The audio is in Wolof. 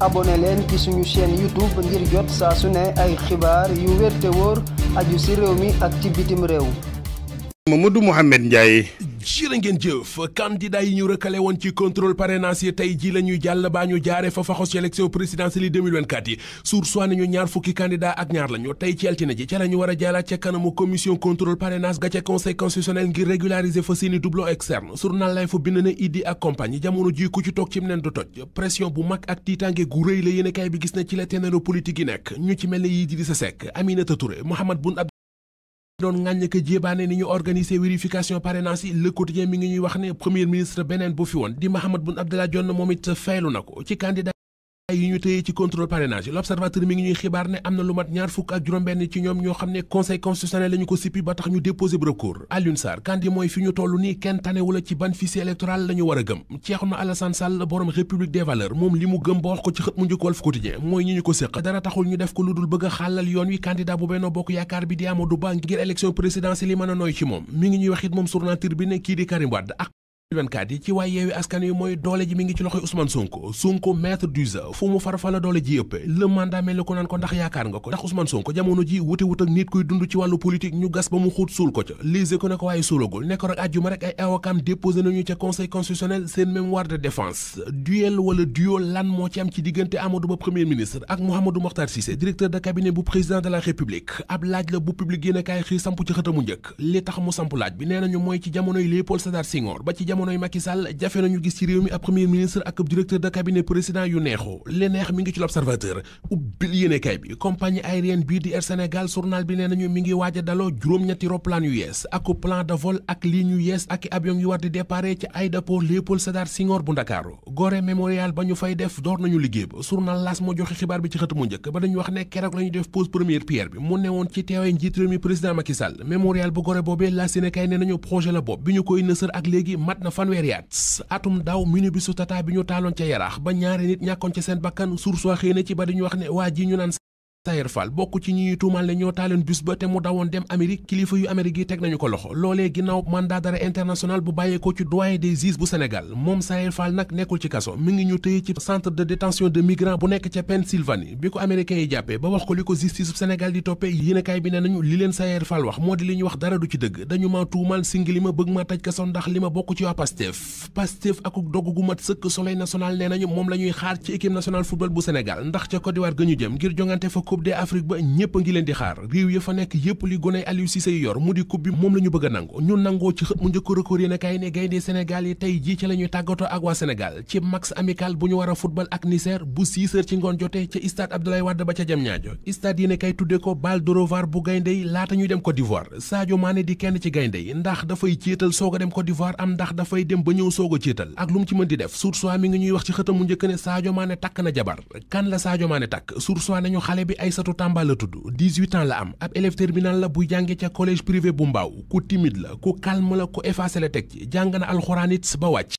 abone leen ci suñu chaîne YouTube ngir jot saa su ne ay xibaar yu wér woor wóor ci réew mi ak ci bitim réew Mamadou Mouhamed Ndiaye jërë ngeen jëf candidat yi ñu rëkkale woon ci contrôle parrainage yi tey ji la ñuy jàll baa ñu jaare fa faxos élection présidentielle yi 2024 yi sur soit nañu ñaar fukki candidat ak ñaar lañu tey ci altine ji ca la war a jaalaat ca kanamu commission contrôle parrainage ga ca conseil constitutionnel ngir régulariser fa seeni doublon externe journal lay fa bind na Idi ak compagnie jamono ji ku ci toog ci neen du toj a kaay bi gis na ci la ténéro politique doon ngàññ ka jéebaane ni ñu organiser vérification parrainage yi le quotidien mi ngi ñuy wax ne premier ministre beneen bu fi woon di Mahammed Boun Abdallah Dionne moom it faylu na ko ci candidat yi ñu tëye ci contrôle parrainage l'observateur mi ngi ñuy xibaar ne am na lu mat ñaar fukk ak juróom-benn ci ñoom ñoo xam ne conseil constitutionnel la ñu ko sippi ba tax ñu déposé bu recours Sarr kandi fi ñu toll nii kenn tanewula ci ban fichier électoral la ñu war a gëm Cheikhna Alassane Sall borom république des valeurs moom li mu gëm ba wax ko ci xët mu njëkk Walf Quotidien mooy ñi ñu ko séq dara taxul ñu def ko lu dul bëgg xàllal yoon wi candidat bu Benno Bokk Yaakaar bi di Amadou Ba ngir élection présidentielle yi moom mi ngi ñuy wax it moom journal Tribune kii di Karim Wade 24 yi ci waay yeewi askan wi mooy doole ji mi ngi ci loxoy Ousmane Sonko Sonko maître du jeu fu mu far fa la doole ji ëpp le mandat mel ko ndax yaakaar nga ko ndax Ousmane Sonko jamono ji wute wut ak nit kuy dund ci wàllu politique ñu gas ba mu xuut suul ko ca lise ko ne waaye suulagul nekk rek rek ay awakam déposé nañu ca conseil constitutionnel seen mémoire de défense duel wala duo lan moo ci am ci diggante Amadou Ba premier ministre ak Mouhamadou Mokhtar Cissé directeur de cabinet bu président mooy ci jamonoy Léopold Sédar jamonoy Macky Sall jafe nañu gis ci réew mi ab premier ministre ak directeur de cabinet président yu neexu li neex mi ngi ci l'observateur ubbil yéenekaay bi compagnie aérienne bii di Air Sénégal journal bi nee nañu mi ngi waaj daloo juróom-ñetti roplaan yu yees ak plan de vol ak ligne yu yees ak avion yu war di déparé ci aéroport Léopold Sédar Senghor bu Ndakaaru Gorée Mémorial ba ñu fay def door nañu liggéey ba journal L'As moo joxe xibaar bi ci xët daanaka fanweeri at atum daaw bisu tata bi ñu taaloon ca yaraax ba ñaari nit ñàkkoon ca seen bakkan sursoi xëy na ci ba di wax ne waa ji ñu naan Sayer Fall bokk ci ñuy tuumal ne ñoo taaleen bus ba te mu dawoon dem Amérique kilifa yu Amérique yi teg nañu ko loxo loolee ginnaaw mandat d'arrêt international bu bàyyeekoo ci doyen des juges bu Sénégal moom Sayer Fall nag nekkul ci kaso mi ngi ñu tëye ci centre de détention de migrants bu nekk ca Pennsylvanie bi ko américains yi jàppee ba wax ko li ko justice bu Sénégal di toppee yéenekaay bi ne nañu li leen Sayer Fall wax moo di li ñu wax dara du ci ma bëgg maa moom la ñuy xaar ci équipe nationale football ndax ca Côte coupe d'Afrique ba ñépp a ngi leen di xaar réew ya fa nekk yépp li goney Aliou Cissé yu yor mu di coupe bi moom la ñu nangu ñu nangoo ci xët mu njëkk record yéen a ne gaynde Sénégal yi tey jii ci la tàggatoo ak waa Sénégal ci max amical bu ñu war a ak Niger bu 6 ci ngoon jotee ca stade Abdoulaye Wade ba ca Diamniadio stade yéen a kaay tuddee ko balle d'Orovar bu gaynde yi laata ñuy dem Côte d'Ivoire Sadio Mané di kenn ci gaynde Aysatu Tamba la tudd 18 la am ab élève terminal la buy jàngee ca collège privé bu mbaaw ku timide la ku calme la ku effacé la teg ci jàng na alxuraan it ba wàcc